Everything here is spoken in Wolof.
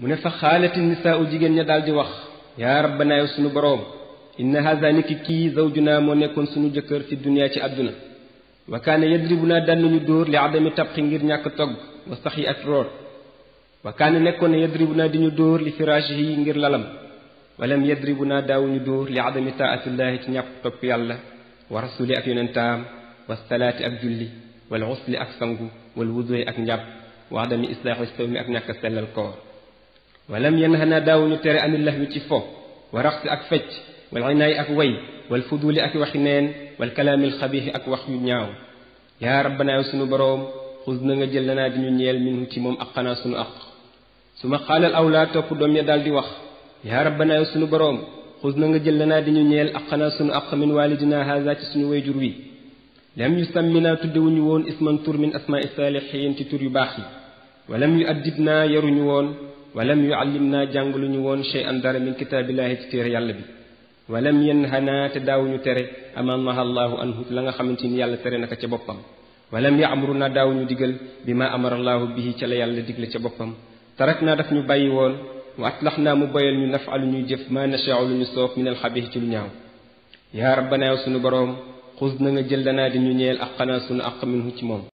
mu ne fa xaalati nisaa u jigéen ña daal di wax yaa rabbana yow sunu boroom inna haza niki kii zawjuna moo nekkoon sunu jëkkër fi dunia ci àdduna wa kaana yadribuna daan nañu dóor li adami tabxi ngir ñàkk togg wa sax yi ak root wa kaana nekkoon ne yadribuna di ñu dóor li firaashi ngir lalam walam yadribuna daawuñu dóor li adami taatillahi ci ñàkk topp yàlla wa rasuli ak yonentaam wa salaati ak julli wal usli ak sangu wal wudoy ak njàpp wa adami islaaxi sawmi ak ñàkk sellal koor ولم ينهنا داو نتر أم الله يتفو ورقص أك فج والعناي أك وي والفضول أك وحنين والكلام الخبيه أك وحي نياو يا ربنا يسنو بروم خذنا نجل لنا دي نيال منه تيموم أقنا سنو أق ثم قال الأولاد تقو دوم يدال دي وخ يا ربنا يا يسنو بروم خذنا نجل لنا دي نيال أقنا سنو أق من والدنا هذا تسنو ويجروي لم يسمينا تدوني اسما تور من أسماء الصالحين تتور يباخي ولم يؤدبنا يرنيون walam yuallim naa jàngalu ñu woon chey an dara min kitaabillahi ci téere yàlla bi walam yanhanaa te daawuñu tere ama naha allaahu anhu la nga xamante ni yàlla tere naka ca boppam walam yaamru naa daawuñu digal bi ma amara allaahu bi ca la yàlla digle ca boppam tarak naa daf ñu bàyyi woon wa atlax naa mu bayal ñu nafalu ñuy jëf ma nachau lu ñu soof min alxabih ci lu ñaaw yaa rabbanaa suñu boroom xus na nga jël danaa di ñu ñeel ak xanaa suñu àq minhu ci moom